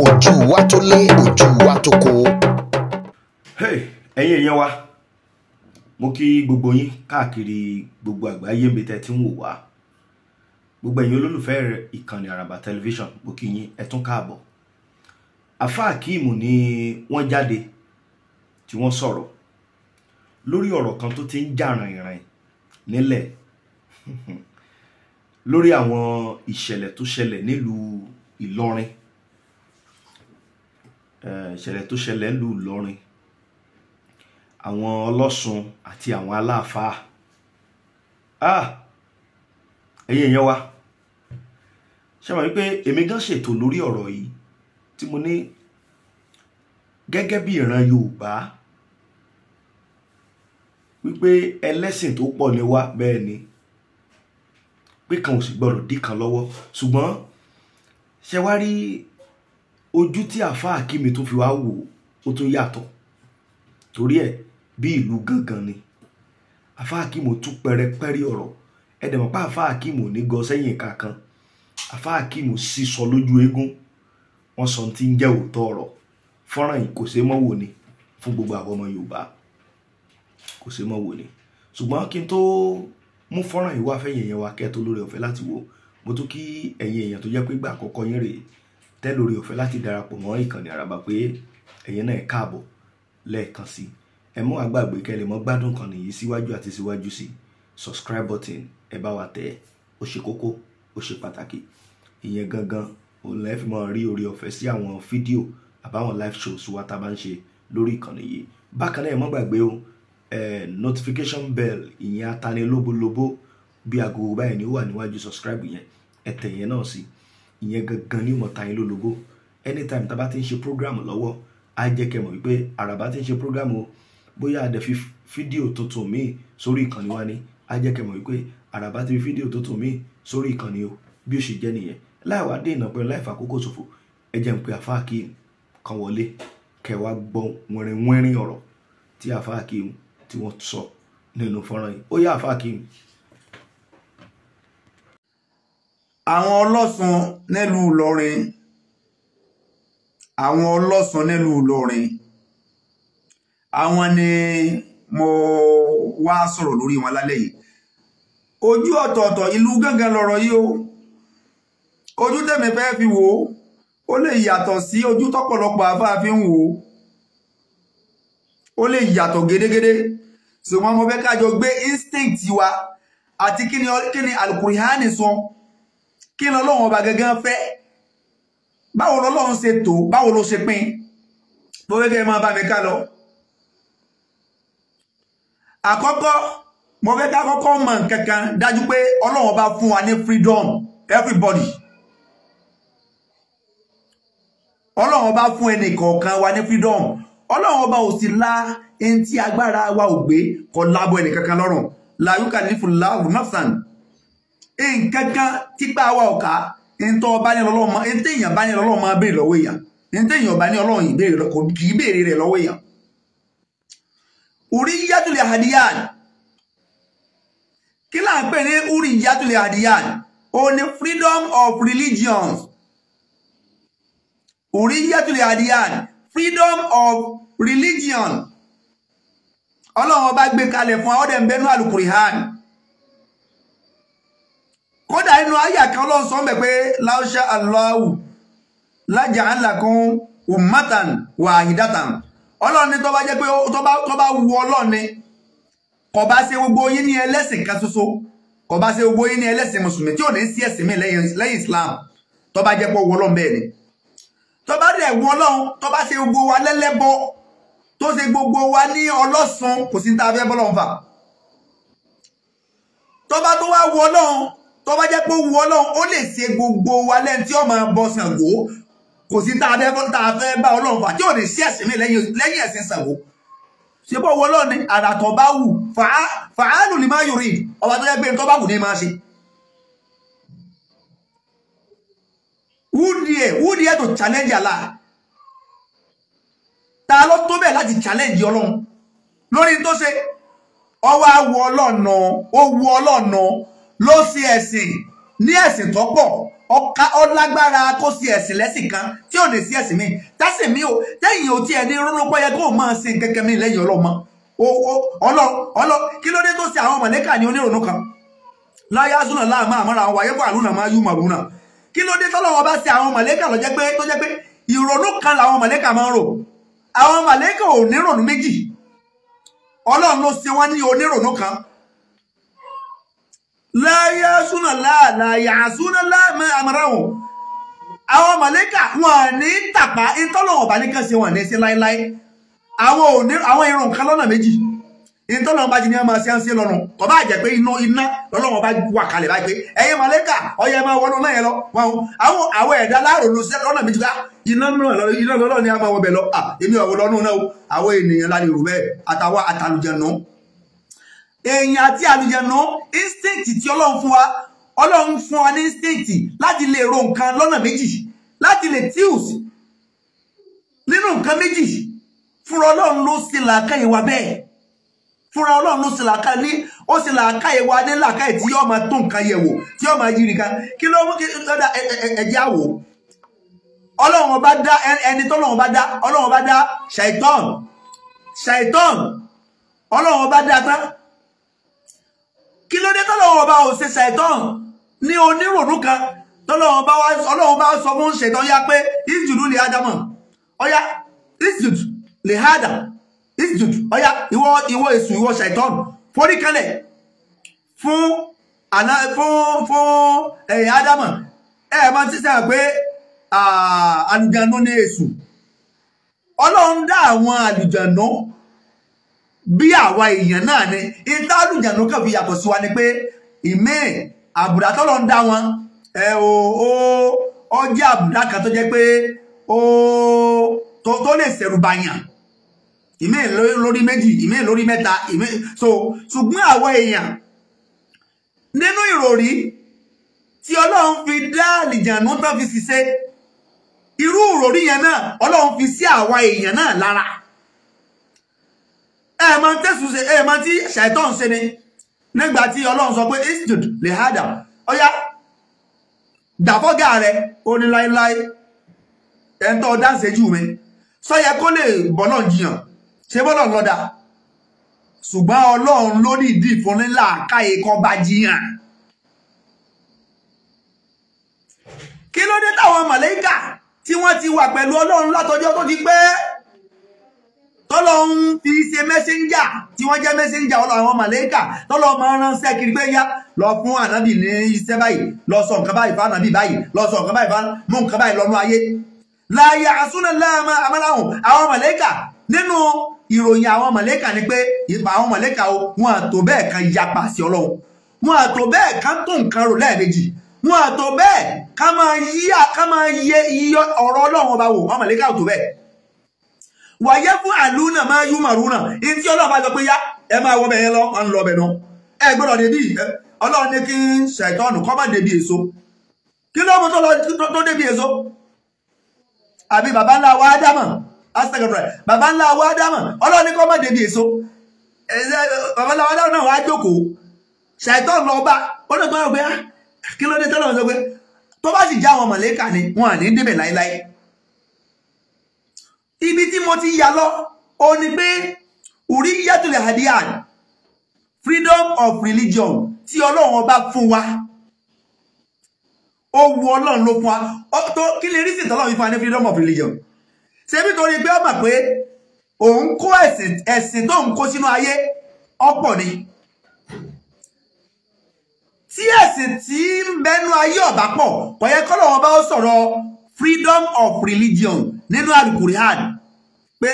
ojú wa tó lé ojú wa tó kó. ẹ̀yin èèyàn wa mo kí gbogbo yín káàkiri gbogbo àgbáyé mi tẹ́ ti ń wò wá gbogbo ẹ̀yin olólùfẹ́ ìkànnì àràbà tẹlifíṣàn mo kí yín ẹ tún káàbọ̀ àfa akíìmù ni wọ́n jáde tí wọ́n sọ̀rọ̀ lórí ọ̀rọ̀ kan tó ti ń jà rìnrìn nílẹ̀ lórí àwọn ìṣẹ̀lẹ̀ tó ṣẹlẹ̀ nílùú Ìlọrin ìṣẹ̀lẹ̀ tó ṣẹlẹ̀ lù lọ́rin àwọn ọlọ́sùn àti àwọn aláàfáà ah ẹ̀yin èèyàn wa ṣe mọ̀ wípé èmi gan ṣètò lórí ọ̀rọ̀ yìí tí mo ní gẹ́gẹ́ bí ìran Yorùbá wípé ẹlẹ́sìn tó pọ̀ ni wá bẹ́ẹ̀ ni pé kan ò sì gbọ́dọ̀ dí kan lọ́wọ́ ṣùgbọ́n ṣe wá rí ojú tí àáfàá akími tó fi wá wò ó tún yàtọ̀ torí ẹ̀ bí ìlú gangan ni àáfàá akími tún pẹrẹpẹrẹ ọ̀rọ̀ ẹ̀dẹ̀mọ̀ pa àáfàá akími ní gọ sẹ́yìn kankan àáfàá akími sì sọ lójú eégún wọ́n sọ ti ń jẹ́ òótọ́ ọ̀rọ̀ fọ́nrán yìí kò ṣe mọ́ wò ni fún gbogbo àwọn ọmọ yorùbá kò ṣe mọ́ wò ni ṣùgbọ́n kí n tó mú fọ́nrán yìí wá fẹ́yìn èèyàn wa kẹ́ lórí ọ̀fẹ́ láti wò mo tún kí ẹ̀yin èèyàn tó jẹ́ pé gbà àkọ́kọ́ yín rèé tẹ́ lórí ọ̀fẹ́ láti darapọ̀ mọ́ ìkànnì àràbà pé ẹ̀yin náà káàbọ̀ lẹ́ẹ̀kan sí ẹ mọ́ àgbàgbé kẹ́lẹ̀ mọ́ gbádùn kan nìyí síwájú àti síwájú sí subscribe button ẹ bá wa tẹ̀ ó ṣe kókó ó ṣe pàtàkì ìyẹn gangan òun lẹ́ fi máa rí orí ọ̀fẹ́ sí àwọn fídíò àbáwọn live shows wa tá a bá ń ṣe lórí ìkànnì yìí bákan náà ẹ mọ́ gbàgbé o notification bell ìyẹn atanilóbólóbó bí agogo báyìí ni ó wà níwájú subscribe yẹn ẹ tẹ̀ yẹn náà sí i ìyẹn gangan ní mọ̀ta yín lólobó anytime tá a bá ti ń ṣe program lọ́wọ́ á jẹ́ kẹ́ mọ̀ wípé àràbá ti ń ṣe program o bóyá àdẹ fi fídíò tuntun míì sórí ìkànnì wa ni á jẹ́ kẹ́ mọ̀ wípé àràbá ti fi fídíò tuntun míì sórí ìkànnì o bí ó ṣe jẹ́ nìyẹn láìwá dé ìnà pẹ̀lú láìfà àkókò ṣòfò ẹ jẹ́ ń pe àfa Hakeem kan wọlé kẹ́ wá gbọ́ wẹ́rin wẹ́rin ọ̀rọ̀ tí àfa Hakeem tí wọ́n sọ nínú fọ́nrán yìí ó yá àfa Hakeem àwọn ọlọ́sùn nílùú Ìlọrin àwọn ọlọ́sùn nílùú Ìlọrin àwọn ni mo wá sọ̀rọ̀ lórí wọn lálẹ́ yìí ojú ọ̀tọ̀ọ̀tọ̀ ìlú gángan lọ̀rọ̀ yìí o ojú tèmi fẹ́ fi wò ó ó lè yàtọ̀ sí ojú tọ́pọ̀lọpọ̀ àfáàfin wò ó ó lè yàtọ̀ gédégédé ṣùgbọ́n mo fẹ́ kájọ gbé instinct wa àti kíni kíni alukurihani sọ. So kí ni ọlọ́run ọba gangan fẹ́ báwo lọ́lọ́run ṣe tò báwo ló ṣe pín mo fẹ́ kẹ́ ẹ máa bá mi ká lọ. àkọ́kọ́ mo fẹ́ ká kọ́kọ́ mọ̀ nǹkan kan dájú pé ọlọ́run ọba fún wa ní freedom everybody ọlọ́run ọba fún ẹnì kọ̀ọ̀kan wa ní freedom ọlọ́run ọba ò sì la ẹni tí agbára wa ò gbé kọ́ lábọ̀ ẹnì kankan lọ́rùn làyúkà nífùlà nafsan nǹkan kan tígbà wa ọ̀ka ntọ́ bá ní ọlọ́run máa ntẹ́ èèyàn bá ní ọlọ́run máa béèrè lọ́wọ́ èèyàn ntẹ́ èèyàn bá ní ọlọ́run yìí béèrè kò kì í rẹ̀ lọ́wọ́ èèyàn. orí yàtúlẹ̀ hadiyan kí là ń pè ní orí yàtúlẹ̀ hadiyan o ní freedom of religions orí yàtúlẹ̀ hadiyan freedom of religion ọlọ́run ọba gbé kalẹ̀ fún àwọn ọdẹ ń bẹnu hàn kódà inú àyà kan lọ́n sọ mẹ́ pé láṣà aláwù lájà ńlákun ummatan wahidatan ọlọ́run ní tó bá jẹ́ pé tó bá wu ọlọ́run ni kò bá ṣe gbogbo yín ní ẹlẹ́sìn kan ṣoṣo kò bá ṣe gbogbo yín ní ẹlẹ́sìn mùsùlùmí tí ò ní sí ẹ̀sìn mi lẹ́yìn Islam tó bá jẹ́ pé wu ọlọ́run bẹ́ẹ̀ ni tó bá dẹ̀ wu ọlọ́run tó bá ṣe gbogbo wa lẹ́lẹ́bọ tó ṣe gbogbo wa ní ọlọ́sùn kò sí ní tá a fẹ́ fà tó bá tó wá wu ọlọ́run tó bá jẹ́ pé wu ọlọ́run ó lè ṣe gbogbo wa lẹ́ni tí ó máa bọ Ṣàngó kò sí tá a fẹ́ kọ́ tá a fẹ́ bá ọlọ́run fà tí ò ní sí ẹ̀sìn mi lẹ́yìn ẹ̀sìn Ṣàngó ṣe bọ́ wu ọlọ́run ni àràtọ̀ bá wù fàálù ni máa yòrì ọba tó jẹ́ pé tó bá wù ní máa ṣe. who dare who dare to challenge Allah ta ló tó bẹ́ẹ̀ láti challenge ọlọ́run lórí tó ṣe ọwọ́ àwọ̀ ọlọ́ọ̀nà ó wu ọlọ́ọ̀nà ló sì ẹ̀sìn ní ẹ̀sìn tó pọ̀ ọ̀ka ọlágbára kó sí ẹ̀sìn lẹ́sìn kan tí ò lè sí ẹ̀sìn mi tẹ́sìn mi o tẹ́yìn o tí ẹni rọ́lọ́pọ̀ yẹ kó o máa sin kẹ̀kẹ́ mi lẹ́yìn ọlọ́mọ ọlọ ọlọ kí ló dé tó ṣe àwọn mọ̀lẹ́kà ní onírònú kan láyé azúnà láàmú àmọ́ra àwọn àyẹ́fọ́ àlùnà máa yú màrúnà kí ló dé tọ́lọ́wọ́ bá ṣe àwọn mọ̀lẹ́kà lọ́jẹ́ pé tó jẹ́ pé ìrònú kan làwọn mọ̀lẹ́kà máa ń rò àwọn mọ̀lẹ́kà ò nírònú méjì ọlọ́run ló ṣe wọ́n ní onírònú kan láyá súnà láàláyà súnà láàmà àmàráhùn àwọn màlẹ́kà wọn ní tàpá ìtọ́lọ̀wọ̀n bá nìkan ṣe wọn ní sí láíláí àwọn irun nǹkan lọ́nà méjì ìtọ́lọ̀wọ̀n bá jí ní ọmọ sí ánṣẹ́ lọ́rùn kò bá jẹ́ pé iná iná lọ́lọ́wọ̀n bá wà kalẹ̀ bá gbé ẹ̀yin màlẹ́kà ọyẹ máa wọnú náà yẹn lọ àwọn àwọn ẹ̀dá láàròlù sí lọ́nà méjì lá iná lọ́lọ́ ni a máa wọ bẹ̀ lọ èmi ọ̀wọ̀ lọ́nù náà àwọn ènìyàn lálẹ́ rò bẹ́ẹ̀ àtàwọn àtàlùjẹ̀nù èèyàn àti àlùjẹ̀nù instinct tí ọlọ́run fún wa ọlọ́run fún wa ní instinct láti lè ro nǹkan lọ́nà méjì láti lè tius nínú nǹkan méjì fúnra ọlọ́run ló ṣe làákàyè wa bẹ́ẹ̀ fúnra ọlọ́run ló ṣe làákàyè ní ó ṣe làákàyè wa ní làákàyè tí yóò máa tó nǹkan yẹ̀ wò tí yóò máa yí nìkan kí ló mú kí lọ́dà ẹ̀jẹ̀ àwò ọlọ́run ọba dá ẹni tọ́lọ́run ọba dá ọlọ́run ọba dá ṣàìtọ́n ṣàìtọ́n ọlọ́run ọba dá tán kí ló ọba ò ṣe ṣàìtàn ní kan tọ́lọ́wọ́n ọba ọlọ́wọ́n bá sọ fún ṣètàn ya pé ìjùdú lè ọya ìjùdú lè ádà ìjùdú ọya ìwọ ìwọ èṣù ìwọ ṣàìtàn forí fún àná fún fún ẹ̀yìn ádámọ̀ ẹ̀ máa ti pé èṣù ọlọ́run dá àwọn bí àwa èèyàn náà ni ìtàlùjànú kàn fi yàtọ̀ sí wa ni pé ìmíì àbùdá tọ́lọ́ ń dá wọn ẹ o ó ọjọ́ àbùdá kan tó jẹ́ pé ó tó tó lè ṣẹ̀rù bàyàn ìmíì lórí méjì ìmíì lórí mẹ́ta ìmíì so ṣùgbọ́n àwa èèyàn nínú ìròrí tí ọlọ́run fi dá àlìjànú tán fi ṣiṣẹ́ irú ìròrí yẹn náà ọlọ́run fi sí àwa èèyàn náà lára ẹ mọ tẹ́sù ṣe ẹ mọ tí ṣàìtàn ṣe ni nígbà tí ọlọ́run sọ pé istud lè hádà ọyá dàfọ́gà rẹ ó ní láéláé ẹ̀ ń tọ́ dáǹsẹ́jú mi sọ́yẹ kó lè bọ́lọ̀ jiyàn ṣe bọ́lọ̀ lọ́dà ṣùgbọ́n ọlọ́run ló ní ìdí fún nílà káyé kan bá jiyàn kí ló dé táwọn mọ̀lẹ́kà tí wọ́n ti wà pẹ̀lú ọlọ́run látọjọ́ tó ti pẹ́ tọ́lọ́hún fi ṣe mẹ́sẹ́ńjà tí wọ́n jẹ́ mẹ́sẹ́ńjà ọlọ́ àwọn màlẹ́kà tọ́lọ́ máa ránṣẹ́ kiri pé yá lọ fún ànábì ní iṣẹ́ báyìí lọ sọ nǹkan báyìí fún ànábì báyìí lọ sọ nǹkan báyìí fún mú nǹkan báyìí lọ́nu ayé. láyé àsúná láàmú amáláhùn àwọn màlẹ́kà nínú ìròyìn àwọn màlẹ́kà ni pé ìpa àwọn màlẹ́kà o wọn àtò bẹ́ẹ̀ kan yapa sí ọlọ́run wọn àtò bẹ́ẹ̀ kan tó nǹkan rò lẹ́ẹ̀mejì wọn àtò bẹ́ẹ̀ ká máa yí ọ̀rọ̀ ọlọ́run wàyẹ fún àlùnà máa yú màrúnà ìdí ọlọ́ọ̀bá jọ pé yá ẹ máa wọ bẹ̀yẹn lọ ọ̀n lọ bẹ̀ nù ẹ gbọ́dọ̀ débi ọlọ́run ní kí ṣàìtọ́nù kọ́ má débi èso kí ló mú tó débi èso àbí bàbá ńlá wa ádámà astagfirullah bàbá ńlá wa ádámà ọlọ́run ní kọ́ má débi èso bàbá ńlá wa ádámà náà wá jókòó ṣàìtọ́nù lọ bá ó lè gbọ́dọ̀ pé ah, kí ló dé tọ́lọ́run sọ tó bá já àwọn mọ̀lẹ́kà ni wọn à ní débẹ̀ ibi tí mo ti yà lọ o ni pé orí yàtúlẹ̀ hadiyan freedom of religion tí ọlọ́run ọba fún wa ó wu ọlọ́run ló fún wa tó kí lè rí sí ìtọ́lọ́run fún wa ní freedom of religion ṣe bí torí pé ó mọ̀ pé òun kó ẹ̀sìn tó ń kó sínú ayé ọ̀pọ̀ ni tí ẹ̀sìn tí ń bẹnu ayé ọ̀bá pọ̀ kò kọ́lọ́run ọba ó sọ̀rọ̀ freedom of religion nínú alukurihani pé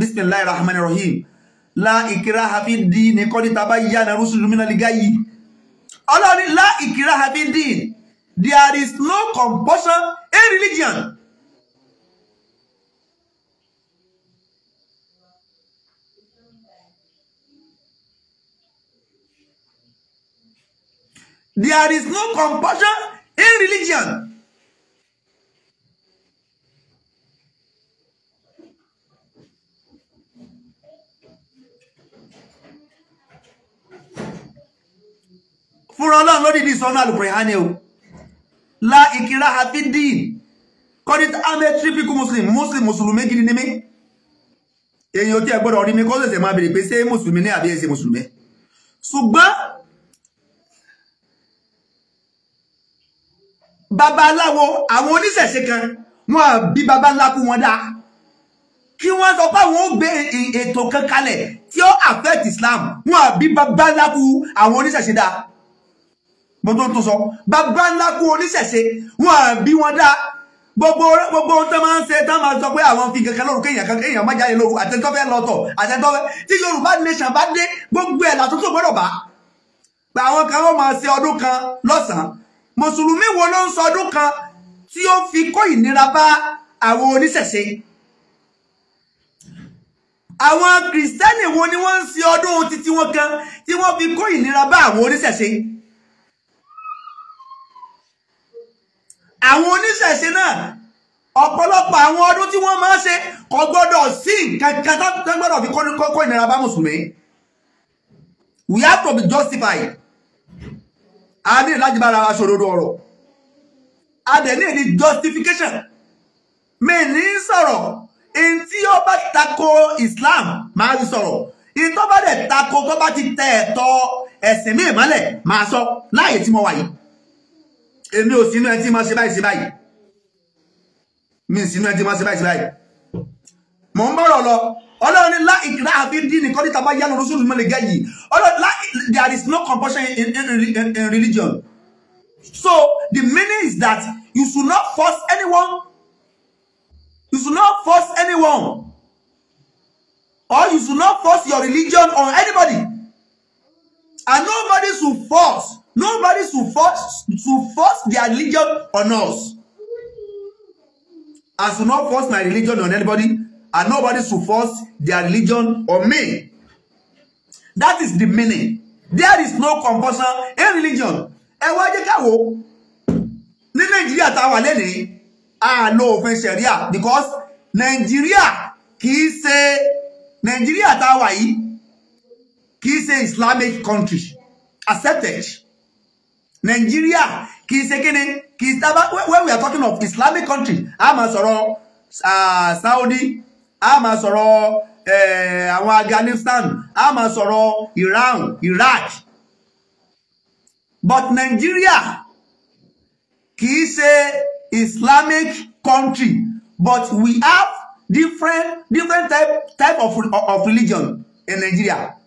bisimilahi rahman rahim la ìkírá hafi dín ní kọ́ni tàbá yíyá na rúṣùlù mí náà lè ọlọ́ni la ìkírá hafi dín there is no compulsion in religion There is no compulsion in religion. fúnra ọlọ́run ló dìdí sọ́nà alùpùrẹ́hánì o la ìkìlá hafidin kọ́dít ahmed tripiku muslim muslim mùsùlùmí gidi ni mí èyàn tí ẹ gbọ́dọ̀ rí mi kó ṣẹ̀ṣẹ̀ máa bèrè pé ṣé mùsùlùmí ní àbí ẹ̀ṣẹ̀ mùsùlùmí ṣùgbọ́n babaláwo àwọn oníṣẹ̀ṣe kan wọ́n bí babaláku wọn dáa kí wọ́n sọ pé àwọn ó gbé ètò kan kalẹ̀ tí ó affect Islam wọ́n bí babaláku àwọn oníṣẹ̀ṣe dáa gbogbo tó sọ bàbá ńlá kú oníṣẹ̀ṣe wọn bí wọn dá gbogbo gbogbo tó máa ń ṣe tó máa sọ pé àwọn fi kankan lóru kéèyàn kankan èèyàn má jáde lóru àtẹnudọ́fẹ́ lọ́tọ̀ àtẹnudọ́fẹ́ tí Yorùbá nation bá dé gbogbo ẹ̀ làtúntò gbọ́dọ̀ bá pé àwọn kan ló máa ṣe ọdún kan lọ́sàn-án mùsùlùmí wo ló ń sọ ọdún kan tí ó fi kó ìnira bá àwọn oníṣẹ̀ṣe àwọn kìrìsìtẹ́nì wo ni wọ́n ń ṣe ọdún títí wọn kan tí wọ́n fi kó ìnira bá àwọn oníṣẹ̀ṣe àwọn oníṣẹ̀ṣe náà ọ̀pọ̀lọpọ̀ àwọn ọdún tí wọ́n máa ń ṣe kò gbọ́dọ̀ sí nǹkan tó gbọ́dọ̀ fi kọ́kọ́ ìnira bá mùsùlùmí we have to be justified a ní láti bára wa ṣòdodo ọ̀rọ̀ a dẹ̀ ní èdè justification mi ní sọ̀rọ̀ in tí ó bá tako Islam máa ti sọ̀rọ̀ in tó bá dẹ̀ tako tó bá ti tẹ̀ ẹ̀tọ́ ẹ̀sìn mi ìmọ́lẹ̀ máa sọ láàyè tí mo wà yìí èmi ò sínú ẹni tí máa ṣe báyìí sí báyìí mi sínú ẹni tí máa ṣe báyìí sí báyìí mò ń bọ̀rọ̀ lọ ọlọ́run ní láìkìlá àfi dín nìkan níta bá yánu rúṣùlù mọ́lẹ̀ gẹ́ yìí ọlọ́run there is no compulsion in, in, in, in religion so the meaning is that you should not force anyone you should not force anyone or you should not force your religion on anybody and nobody should force Nobody to force, to force their religion on us. I should not force my religion on anybody, and nobody to force their religion on me. That is the meaning. There is no compulsion in religion. Ẹ wá jẹ́ ká wò ní Nàìjíríà tá a wà lẹ́nìí, a lo òfin ṣẹ̀ríà because Nàìjíríà kìí ṣe Nàìjíríà tá a wà yìí kìí ṣe Islamic country accepted. Nigeria, kì í ṣe kíni kì í when we are talking of islamic country a máa sọ̀rọ̀ saudi a máa sọ̀rọ̀ àwọn afghanistan a máa iran iraq but nigeria kì í islamic country but we have different different type type of of religion in nigeria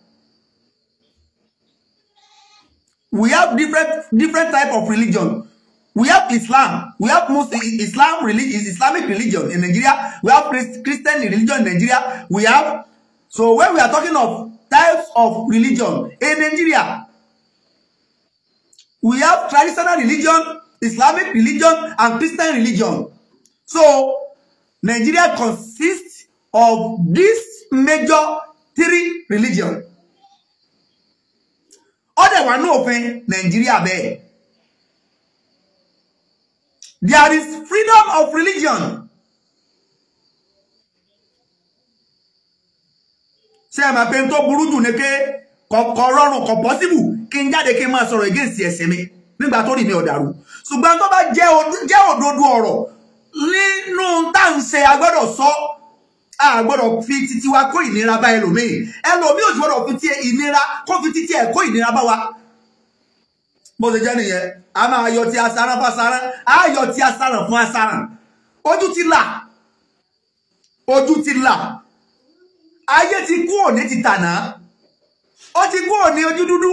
we have different different type of religion we have islam we have muslim islam religion islamic religion in nigeria we have christian religion in nigeria we have so when we are talking of types of religion in nigeria we have traditional religion islamic religion and christian religion so nigeria consists of these major three religions ọ̀dẹ̀ wà ní òfin nàìjíríà bẹ́ẹ̀. There is freedom of religion. ṣé my pen to tó burú jù ní pé kọ̀ọ̀kan rọrùn kọ̀ pọ́síbù kí n jáde kí n máa sọ̀rọ̀ against ẹ̀sìn mi nígbà tó rì mí ọ̀dàrú ṣùgbọ́n tó bá jẹ́ òdodo ọ̀rọ̀ nínú tá à ń ṣe agbọ́dọ̀ sọ a gbọ́dọ̀ fi titi wa kó ìnira bá ẹlòmíì ẹlòmíì ò sì gbọ́dọ̀ fi ti ìnira kó fi titi ẹ̀ kó ìnira bá wa bó ṣe jẹ́ nìyẹn a máa yọ ti asaran fún asaran a yọ ti asaran fún asaran ojú ti là ojú ti là ayé ti kú òní ti tànà ó ti kú òní ojú dúdú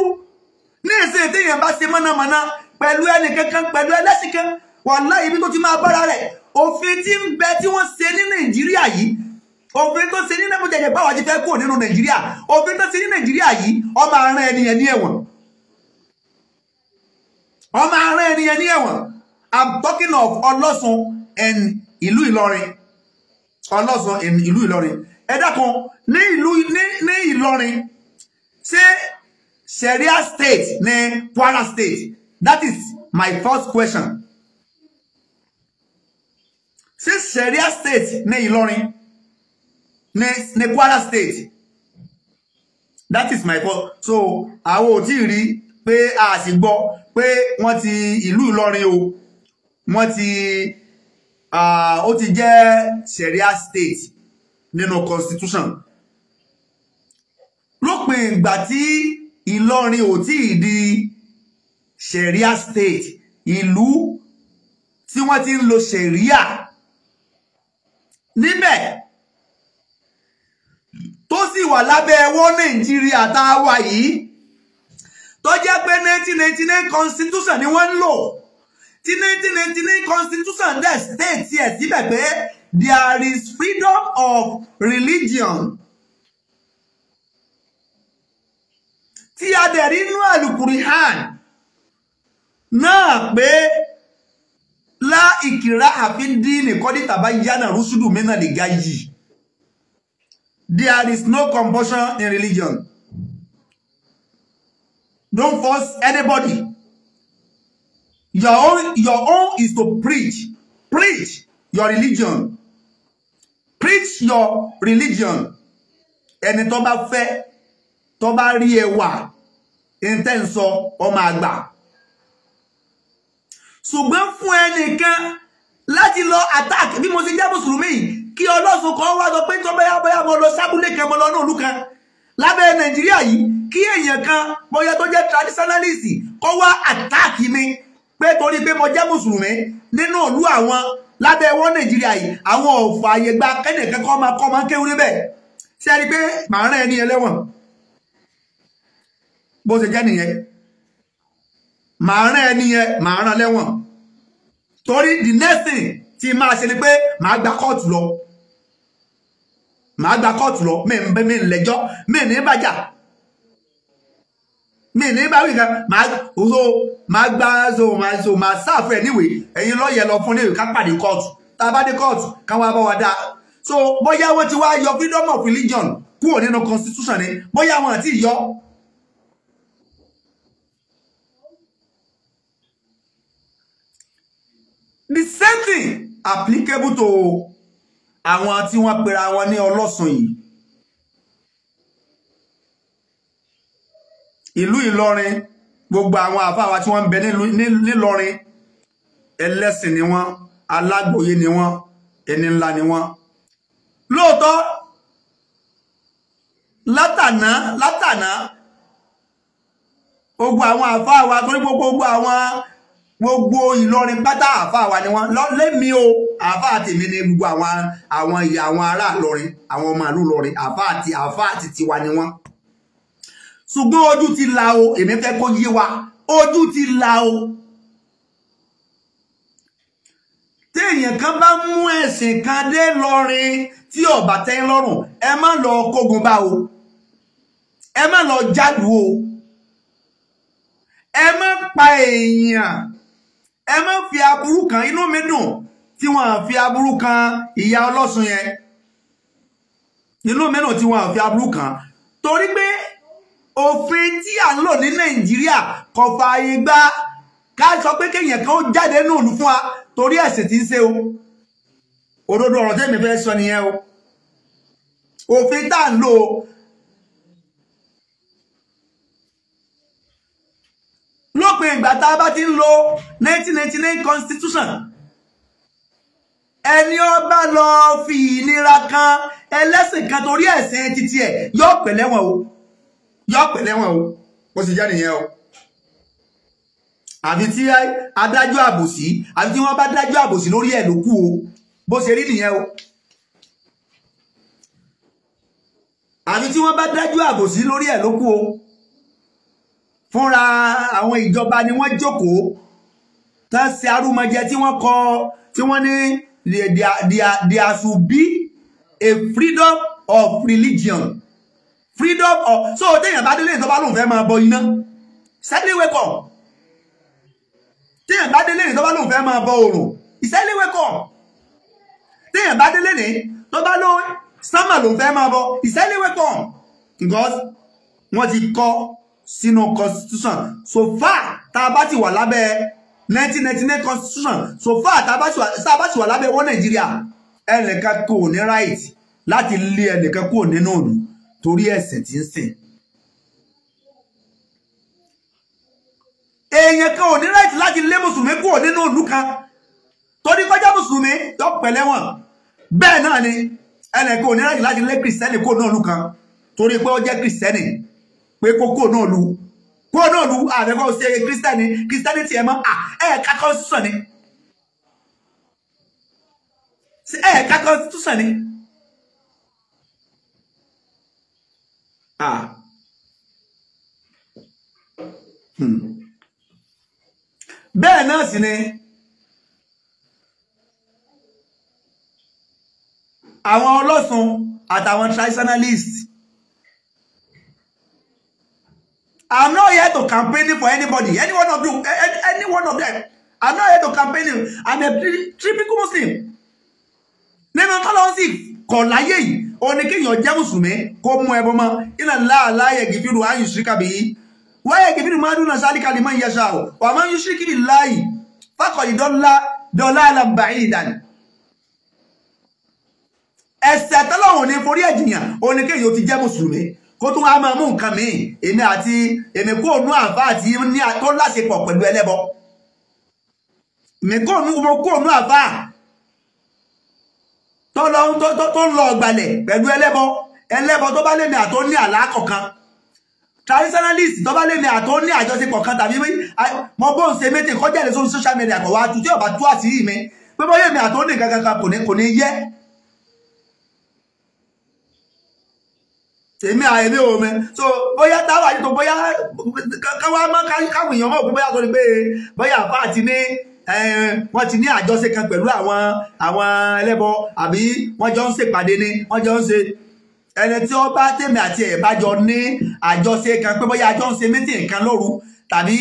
ní ìsìn ìtìyàn bá ṣe mọ́nàmọ́ná pẹ̀lú ẹnì kankan pẹ̀lú ẹlẹ́sìn kan wàhálà ibi tó ti máa bára rẹ̀ òfin tí ń bẹ tí wọ́n ṣe ní nàìjíríà yìí òfin tó ṣe ní lẹ́bùjẹ̀jẹ̀ báwa ti fẹ́ kúrò nínú nàìjíríà òfin tó ṣe ní nàìjíríà yìí ọmọ aràn ẹniyẹn ní ẹ̀wọ̀n ọmọ aràn ẹniyẹn ní ẹ̀wọ̀n i'm talking of ọlọ́sùn and ìlú ìlọrin ọlọ́sùn and ìlú ìlọrin ẹ dákun ní ìlú ní ìlọrin ṣé sharia state ní kwara state that is my first question ṣé sharia state ní ìlọrin ní ní Kwara state that is my fault so àwọn ò tí ì rí pé a sì gbọ́ pé wọ́n ti ìlú Ìlọrin o wọ́n ti ó ti jẹ́ Sharia state nínú constitution lópin ìgbà tí Ìlọrin ò tí ì di Sharia state ìlú tí wọ́n ti ń lo Sharia níbẹ̀ sì wà lábẹ́ ẹwọ́ nàìjíríà tá a wà yìí tó jẹ́ pé 1999 constitution ni wọ́n ń lò tí 1999 constitution dẹ̀ state ẹ̀ síbẹ̀ pé there is freedom of religion tí a dẹ̀ rí inú àlùkùrìhàn náà pé lá ìkìrá àfi dín nìkọ́dítà bá yánà rúṣùdù mẹ́nà lè ga yìí There is no compulsion in religion. Don't force anybody. Your own, your own is to preach. Preach your religion. Preach your religion. Ẹni tó bá fẹ́, tó bá rí ẹwà, ẹni tẹ́ ń sọ, ó máa gbà. Ṣùgbọ́n fún ẹnìkan, láti lọ attack bí mo ṣe jẹ́ mùsùlùmí yìí kí ọlọ́sùn kan wá sọ pé tó bẹ́yà bẹ́yà mo lọ sábúlé kan mo lọ náà lùkan lábẹ́ nàìjíríà yìí kí èèyàn kan bóyá tó jẹ́ traditionalist kó wá attack mi pé torí pé mo jẹ́ mùsùlùmí nínú ìlú àwọn lábẹ́ wọn nàìjíríà yìí àwọn ọ̀fọ̀ àyè gba kẹ́nìkan kọ́ máa kọ́ máa kéwú níbẹ̀ ṣe rí pé màá rán ẹni ẹlẹ́wọ̀n bó ṣe jẹ́ nìyẹn màá rán ẹni yẹn màá rán lẹ́wọ̀n torí the next thing tí máa ṣe ni pé màá gba kóòtù lọ màá gba kóòtù lọ mi ń bẹ mi ń lẹ́jọ́ mi ní bàjá mi ní báwí kan màá so màá gba so màá so màá sáàfù ẹ níwèé ẹ̀yin lọ́ọ̀yẹ lọ fún níwèé ká pàdé kóòtù tá a bá dé kóòtù ká wá bá wa dá so bóyá wọ́n ti wá yọ freedom of religion kúrò nínú constitution ni bóyá wọn àti yọ applicable to àwọn tí wọ́n pera wọn ní ọlọ́sùn yìí ìlú Ìlọrin gbogbo àwọn àfáwà tí wọ́n ń bẹ nílọrin ẹlẹ́sìn ni wọ́n alágbòye ni wọ́n ẹni ńlá ni wọ́n lóòótọ́ látàná látàná gbogbo àwọn àfáwà torí gbogbo àwọn gbogbo Ìlọrin pátá àáfà wa ni wọn lẹ́mi o àáfà tèmi ni gbogbo àwọn àwọn ìyá àwọn ará Ìlọrin àwọn ọmọ ìlú Ìlọrin àáfà àti àáfà àti tiwa ni wọn ṣùgbọ́n ojú ti là o èmi fẹ́ kó yé wa ojú ti là o téèyàn kan bá mú ẹ̀sìn kan dé lọrin tí ó tẹ́ lọ́rùn ẹ má lọ kógun bá o ẹ má lọ jálù o ẹ má pa èèyàn ẹ má fi aburú kan inú mi dùn tí wọ́n fi aburú kan ìyá ọlọ́sùn yẹn inú mi dùn tí wọ́n fi aburú kan torí pé òfin tí à ń lò ní nàìjíríà kò fààyè gbà ká sọ pé kéèyàn kan ó jáde ní òlù fún wa torí ẹ̀sìn tí ń ṣe o òdodo ọ̀rọ̀ tẹ́mi fẹ́ sọ nìyẹn o òfin tá à ń lò lópin ìgbà tá a bá ti ń lo 1999 constitution ẹni ó bá lọ fi ìnira kan ẹlẹ́sìn kan torí ẹ̀sìn títí ẹ̀ yóò pẹ̀ lẹ́wọ̀n o yóò pẹ̀ lẹ́wọ̀n o ó sì jẹ́ nìyẹn o àfi tí adájọ́ àbòsí àfi tí wọ́n bá dájọ́ àbòsí lórí ẹ̀ ló kù o bó ṣe rí nìyẹn o àfi tí wọ́n bá dájọ́ àbòsí lórí ẹ̀ ló kù o fúnra àwọn ìjọba ni wọ́n jókòó tán ṣe arúmọjẹ tí wọ́n kọ tí wọ́n ní there should be a freedom of religion freedom of so téèyàn bá délé ìjọba lòun fẹ́ máa bọ iná sẹ́lẹ̀ wẹ́kọ̀ téèyàn bá délé ìjọba lòun fẹ́ máa bọ oòrùn ìsẹ́lẹ̀ wẹ́kọ̀ téèyàn bá délé ní tó bá lóun sánmà lòun fẹ́ máa bọ ìsẹ́lẹ̀ wẹ́kọ̀ because wọ́n ti kọ́ sínú constitution so far tá a bá ti wà lábẹ́ nineteen constitution so far tá a bá ti wà lábẹ́ wọ́n nàìjíríà ẹnìkan kò ní right láti lé ẹnìkan kúrò nínú òòlù torí ẹ̀sìn tí ń sìn. èèyàn kan ò ní right láti lé mùsùlùmí kúrò nínú òòlù kan torí kọjá mùsùlùmí tó pẹ̀lẹ́ wọn bẹ́ẹ̀ náà ni ẹnìkan ò ní right láti lé kìrìsìtẹ́nì kúrò nínú òòlù kan torí pé ó jẹ́ kìrìsìtẹ́nì pé kó kó náà lu kó náà lu àbẹ̀kọ́ ṣe kírísítẹ́nì kírísítẹ́nì tiẹ̀ mọ́ à ẹ̀ẹ̀ka constitution ni ẹ̀ẹ̀ka constitution ni. Ah. Hmm. bẹ́ẹ̀ náà sì ni àwọn ọlọ́sùn àtàwọn traditionalist I'm not here to campaign for anybody, any one of you, eh, eh, any one of them. I'm not here to campaign. I'm a typical Muslim. Nínú tọ́lọ́ sì kọ̀ láyé yìí, ó ní kéèyàn jẹ́ Mùsùlùmí kó mú la mọ́. Iná láàlá yẹ̀gìfìrù ayù ṣíríkàbí yìí. Wọ́n yẹ̀gìfìrù máa du sálíkàlì máa ń yẹṣà o. Wà máa ń yú ṣíríkìrì don la dọ́lá dọ́lá alábàáyé ìdánì. Ẹ̀ṣẹ̀ tọ́lọ́run ní forí ẹ̀jìyàn, ó ní kéèyàn ti jẹ́ Mùsùlùmí kó tún wá máa mú nǹkan míì èmi àti èmi kò nú àǹfà àti ní ató láṣepọ̀ pẹ̀lú ẹlẹ́bọ èmi kò nú mo kò nú àǹfà tó lọ tó lọ ọgbàlẹ̀ pẹ̀lú ẹlẹ́bọ ẹlẹ́bọ tó bá lèmi àtó ní àlákọ̀ kan traditionalist tó bá lèmi àtó ní àjọṣepọ̀ kan tàbí mo bó ń ṣe méjì kọjá ìlẹsọ social media kọ̀ wá tu tí ọba tú àṣírí mi pé bóyá èmi àtó ní kankan kò ní yẹ èmi àwọn èmi ò mẹ so bóyá táwọn àyètò bóyá káwá má káwọn èèyàn mọ̀ pé bóyá tó ni pé bóyá àbá àti ní wọ́n ti ní àjọṣe kan pẹ̀lú àwọn àwọn ẹlẹ́bọ àbí wọ́n jọ ń ṣèpàdé ni wọ́n jọ ń ṣe ẹni tí wọ́n bá tèmi àti ẹ̀ bá jọ ní àjọṣe kan pé bóyá àjọ ń ṣe mítìn kan lóru tàbí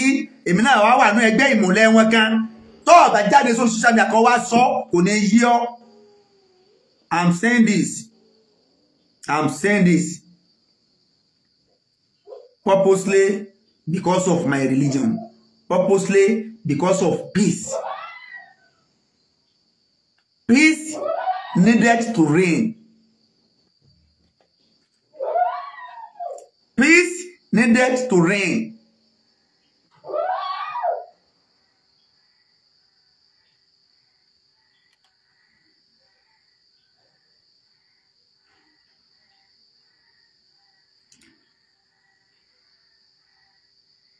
èmi náà wá wà ní ẹgbẹ́ ìmùlẹ̀ wọn kan tó ọ̀bà jáde sórí social media kan wá sọ kò ní yí ọ́ I'm saying this I'm saying this purposely because of my religion purposely because of peace peace needed to reign peace needed to reign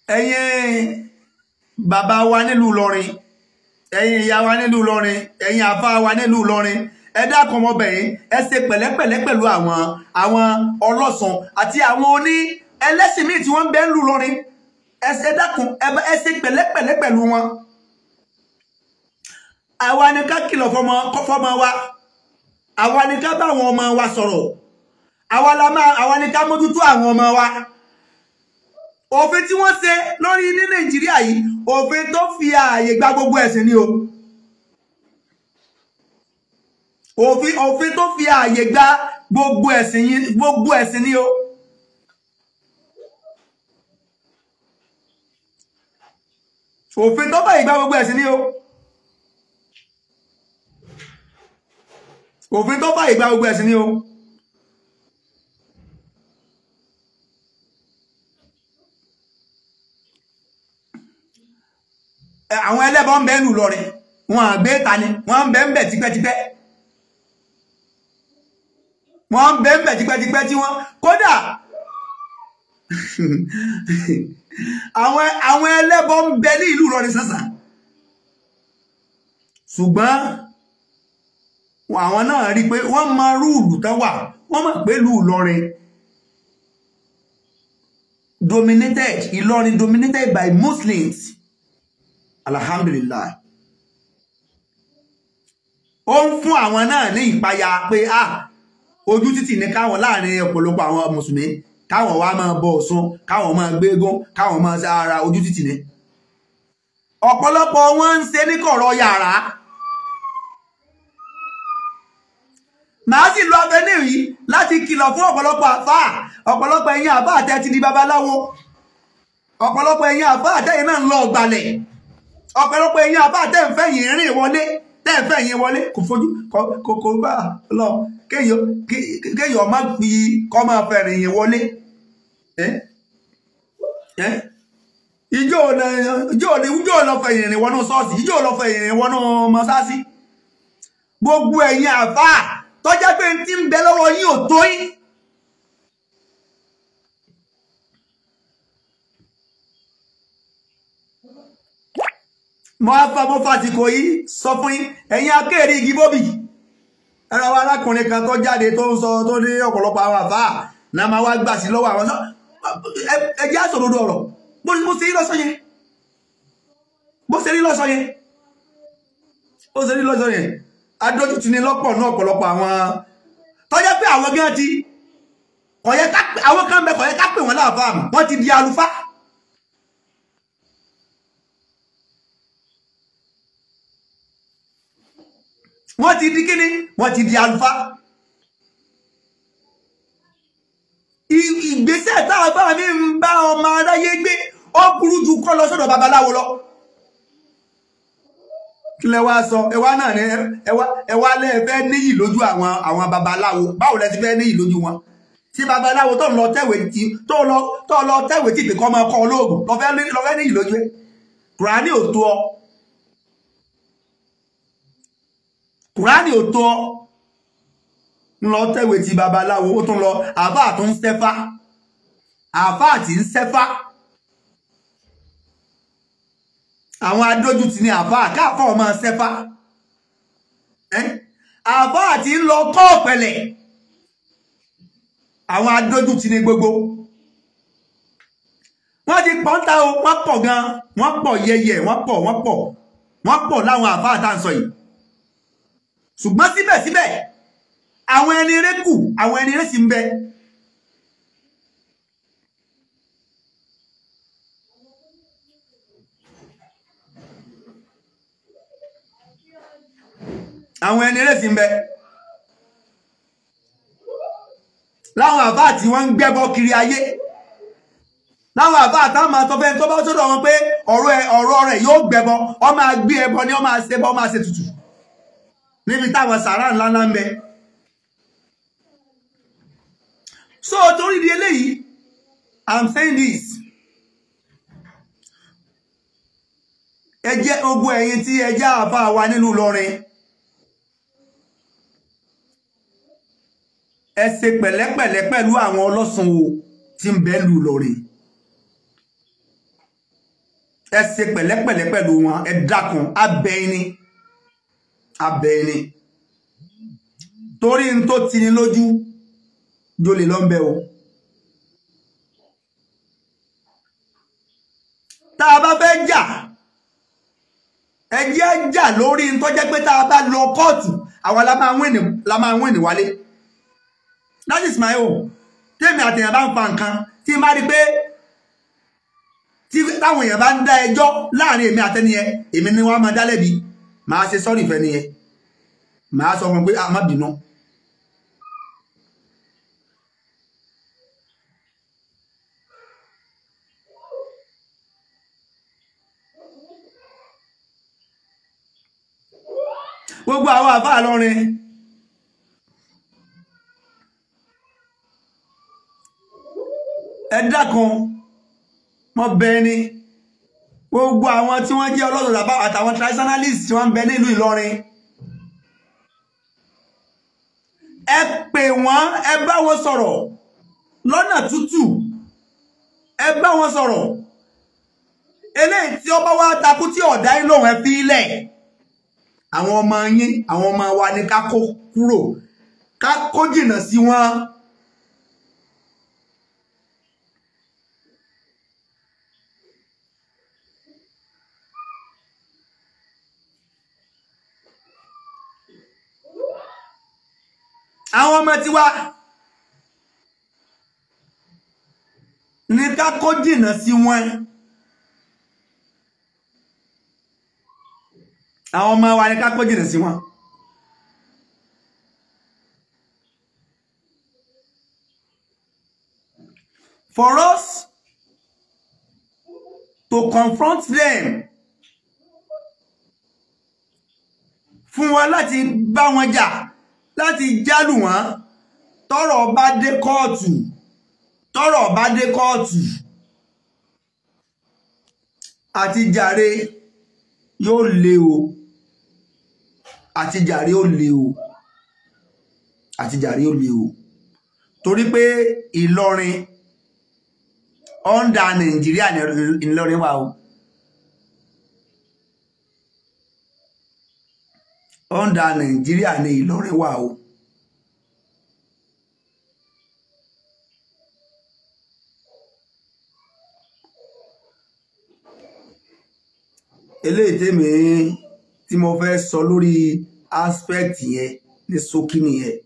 ẹ̀yin bàbá wa nílùú Ìlọrin ẹ̀yin ìyá wa nílùú Ìlọrin ẹ̀yin àfa wa nílùú Ìlọrin ẹ dákun ọmọbìnrin ẹ ṣe pẹ̀lẹ́pẹ̀lẹ́ pẹ̀lú àwọn àwọn ọlọ́sàn àti àwọn oní ẹlẹ́sìn míì tí wọ́n ń bẹ ń lù lọ́rin ẹ dákun ẹ ṣe pẹ̀lẹ́pẹ̀lẹ́ pẹ̀lú wọn. àwa ni ká kìlọ̀ fọmọ fọmọ wa àwa ni ká bá àwọn ọmọ wa sọ̀rọ̀ àwa ni mójútó àwọn ọmọ wa òfin tí wọ́n ṣe lórí ní nàìjíríà yìí òfin tó fi ààyè gba gbogbo ẹ̀sìn ni o òfin òfin tó fi ààyè gba gbogbo ẹ̀sìn ni o òfin tó fààyè gba gbogbo ẹ̀sìn ni o òfin tó fààyè gba gbogbo ẹ̀sìn ni o. àwọn ẹlẹ́bọ ń bẹ́ẹ̀ nù lọ́rin wọn àgbé ta ni wọn ń bẹ́ẹ̀ ń bẹ̀ tipẹ́tipẹ́ wọn ń bẹ́ẹ̀ ń bẹ̀ tipẹ́tipẹ́ tí wọ́n kódà àwọn ẹlẹ́bọ ń bẹ ní ìlú lọ́rin sànsàn ṣùgbọ́n àwọn náà rí pé wọ́n máa rúùlù tán wà wọ́n mọ̀ pé lù lọ́rin dominated Ìlọrin dominated by Muslims alhamdulillah ó ń fún àwọn náà ní ìpayà pé à ah, ojú títì ní káwọn láàrin ọ̀pọ̀lọpọ̀ àwọn mùsùlùmí káwọn wá máa bọ Ọ̀ṣun káwọn máa gbégún káwọn máa ṣe ara oju títì ní ọ̀pọ̀lọpọ̀ wọn ń ṣe ní kọ̀rọ̀ yàrá màá sì lọ abẹ́lé yìí láti kìlọ̀ fún ọ̀pọ̀lọpọ̀ àfá ọ̀pọ̀lọpọ̀ ẹ̀yin àfá àtẹ́ ti di babaláwo ọ̀pọ̀lọpọ̀ ẹ̀yin àfá àtẹ́yìn náà ń lọ ọ̀gbàlẹ̀ ọ̀pọ̀lọpọ̀ èèyàn àbá tẹ́ ń fẹ́ yìí rìn wọlé tẹ́ ń fẹ́ yìí wọlé kò fojú kò bá lọ kéèyàn má fi kọ́ máa fẹ́ rìn yìí wọlé. ìjọ lọ fẹ́ yìí rìn wọnú ṣọ́ọ̀ṣì ìjọ lọ fẹ́ yìí rìn wọnú mọ́sáàsì gbogbo ẹ̀yin àbá tọ́jà pé ti ń bẹ lọ́wọ́ yín ò tó yín. mo á fa mo fàsìkò yìí sọ fún yín ẹ̀yin akéèrè igi bóbì ẹ̀rọ wa arákùnrin kan tó jáde tó ń sọ tó ní ọ̀pọ̀lọpọ̀ àwọn àfáà náà máa wá gbà sí lọ́wọ́ àwọn sọ ẹ jẹ́ àsòdodo ọ̀rọ̀ bó ṣe rí lọ́sọ yẹn bó ṣe rí lọ́sọ yẹn bó ṣe rí lọ́sọ yẹn adójútì ni lọ́pọ̀ náà ọ̀pọ̀lọpọ̀ àwọn tọ́jọ́ pé àwọn gán ti kọ̀yẹ́ ká àwọn kan bẹ kọ̀yẹ́ ká pè wọ́n láàfáà wọ́n ti di àlùfáà wọ́n ti di kíni wọ́n ti di alufa ìgbésẹ̀ tá a bá mi ń bá ọmọ aráyé gbé ó burú ju kọ́ lọ sọ́dọ̀ babaláwo lọ kí lẹ wá sọ ẹwà náà ni ẹwà lẹ fẹ́ níyì lójú àwọn àwọn babaláwo báwo lẹ ti fẹ́ níyì lójú wọn tí babaláwo tó ń lọ tẹ̀wé tí tó lọ tẹ̀wé tí ìpè kọ́ máa kọ́ olóògùn lọ fẹ́ níyì lójú ẹ kùránì ò tó ọ kùránì ò tó lọ tẹ̀wé ti babaláwo ó tún lọ àbá tó ń sẹ́fá àbá àti ń sẹ́fá àwọn adójútì ní àbá káàfọ́ ọmọ sẹ́fá àbá àti ń lọ kọ́ ọ̀pẹ̀lẹ̀ àwọn adójútì ní gbogbo wọ́n ti pọ́ńtà o wọ́n pọ̀ gan wọ́n pọ̀ yẹyẹ wọ́n pọ̀ wọ́n pọ̀ wọ́n pọ̀ láwọn àbá àtàǹsọ yìí ṣùgbọ́n síbẹ̀síbẹ̀ àwọn ẹni eré kù àwọn ẹni eré sì ń bẹ àwọn ẹni eré sì ń bẹ láwọn àbá àti wọ́n ń gbẹ́bọ kiri ayé láwọn àbá àtàmà tó fẹ́ tó bá sọ́dọ̀ wọn pé ọ̀rọ̀ rẹ̀ yóò gbẹ́bọ ó máa gbé ẹbọ ni ó máa ṣẹbọ ó máa ṣe tutù níbi táwọn sàárà ńlá ńlá ń bẹ so torí di eléyìí i'm saying this ẹ jẹ́ ogun ẹ̀yin tí ẹ jẹ́ àbá wa nílùú Ìlọrin ẹ ṣe pẹ̀lẹ́pẹ̀lẹ́ pẹ̀lú àwọn ọlọ́sùn wo tí ń bẹ lù Ìlọrin ẹ ṣe pẹ̀lẹ́pẹ̀lẹ́ pẹ̀lú wọn ẹ dákun abẹ́ ẹni abẹ ni torí n tó tini lójú jolè lọ́nbẹ o tá a bá fẹ́ jà ẹjẹ́ jà lórí n tó jẹ́ pé tá bá lọ kóòtù àwa la máa wìn la máa wìn wálé that is my own tèmi àtẹ̀yàn bá ń fa nǹkan tí n bá rí pé táwọn èèyàn bá ń dá ẹjọ́ láàrin èmi àtẹniyẹn èmi ni wọ́n máa dá màá ṣe sọ́ọ̀rì fẹ́ nìyẹn màá sọ fún pé a ah, má bínú. gbogbo àwọn àfáà lọrin ẹ dákun mọ́ bẹ́ẹ̀ ni gbogbo àwọn tí wọ́n jẹ́ ọlọ́dọ̀dà bá àtàwọn traditionalist tí wọ́n ń bẹ nílùú Ìlọrin ẹ pè wọ́n ẹ bá wọn sọ̀rọ̀ lọ́nà tútù ẹ bá wọn sọ̀rọ̀ eléyìí tí ó bá wá takú tí ọ̀dá yín lòun ẹ fi ilẹ̀ àwọn ọmọ yín àwọn ọmọ wa ni ká kó kúrò ká kó jìnnà sí wọn. àwọn ọmọ tiwa ní ká kó jìnà sí wọn àwọn ọmọ wa ní ká kó jìnà sí wọn for us to confront them fún wa láti bá wọn jà. Ja láti jálù wọ́n tọ́rọ̀ bá dé kóòtù tọ́rọ̀ bá dé kóòtù àti jàre yóò le o àti jàre yóò le o àti jàre yóò le o torí pé Ìlọrin ọ̀ndà Nàìjíríà Ìlọrin wà o Under Nigeria, ní ìlọrin wà o. eléyìí tèmi tí mo fẹ́ sọ lórí aspect yẹn ní ṣókí nìyẹn.